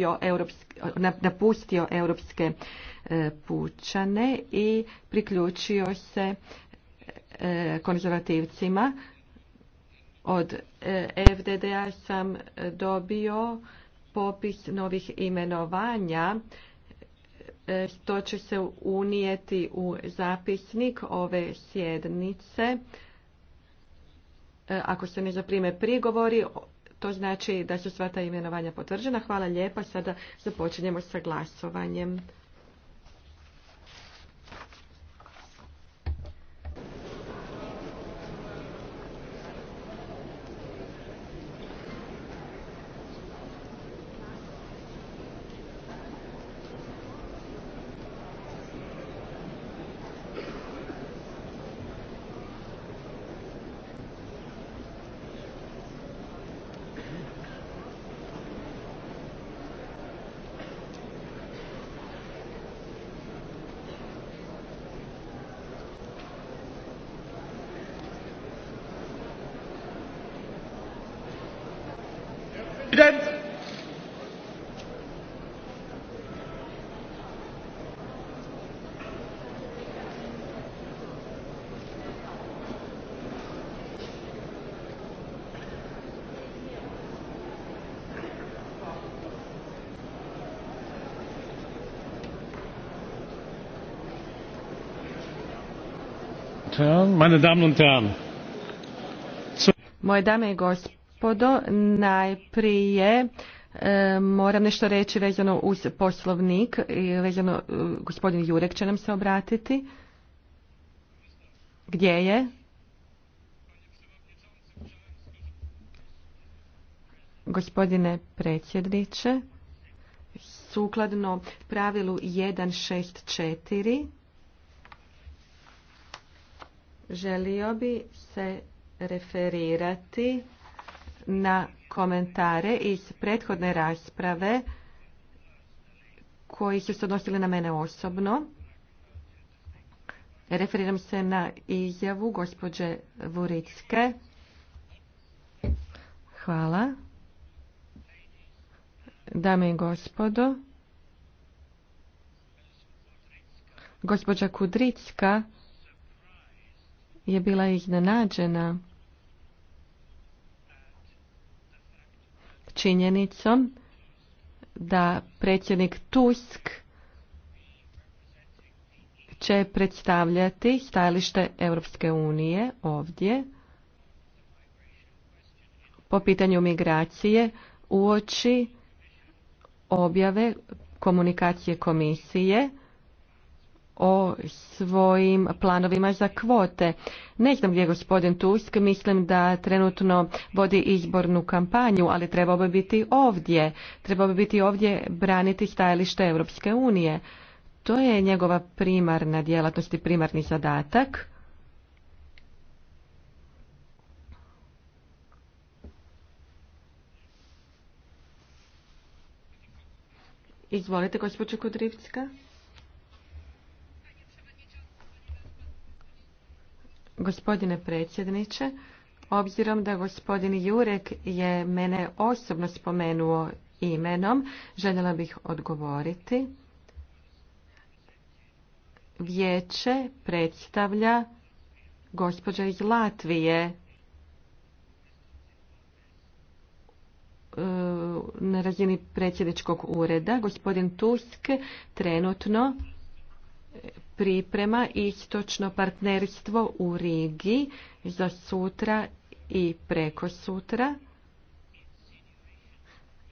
nastupio napustio europske e, pučane i priključio se e, konzervativcima. Od e, fdd sam dobio popis novih imenovanja To će se unijeti u zapisnik ove sjednice. Ako se ne zaprime prigovori, to znači da su sva ta imenovanja potvrđena. Hvala lijepa. Sada započinjemo sa glasovanjem. Meine Damen und Herren, Moje dame i gospodo, gospodo, najprije e, moram nešto reći vezano uz poslovnik i vezano e, gospodin Jurek će nam se obratiti. Gdje je? Gospodine predsjedniče, sukladno pravilu 164 želio bi se referirati na komentare iz prethodne rasprave koji su se odnosili na mene osobno. Referiram se na izjavu gospođe Vuritske. Hvala. Dame i gospodo, gospođa Kudricka je bila iznenađena činjenicom da predsjednik Tusk će predstavljati stajalište Europske unije ovdje po pitanju migracije uoči objave komunikacije komisije o svojim planovima za kvote. Ne znam gdje je gospodin Tusk, mislim da trenutno vodi izbornu kampanju, ali trebao bi biti ovdje. Trebao bi biti ovdje braniti stajalište Europske unije. To je njegova primarna djelatnost i primarni zadatak. Izvolite, gospođo Kudrivska. Gospodine predsjedniče, obzirom da gospodin Jurek je mene osobno spomenuo imenom, željela bih odgovoriti. Vijeće predstavlja gospođa iz Latvije. E, na razini predsjedničkog ureda gospodin Tusk trenutno priprema istočno partnerstvo u Rigi za sutra i preko sutra.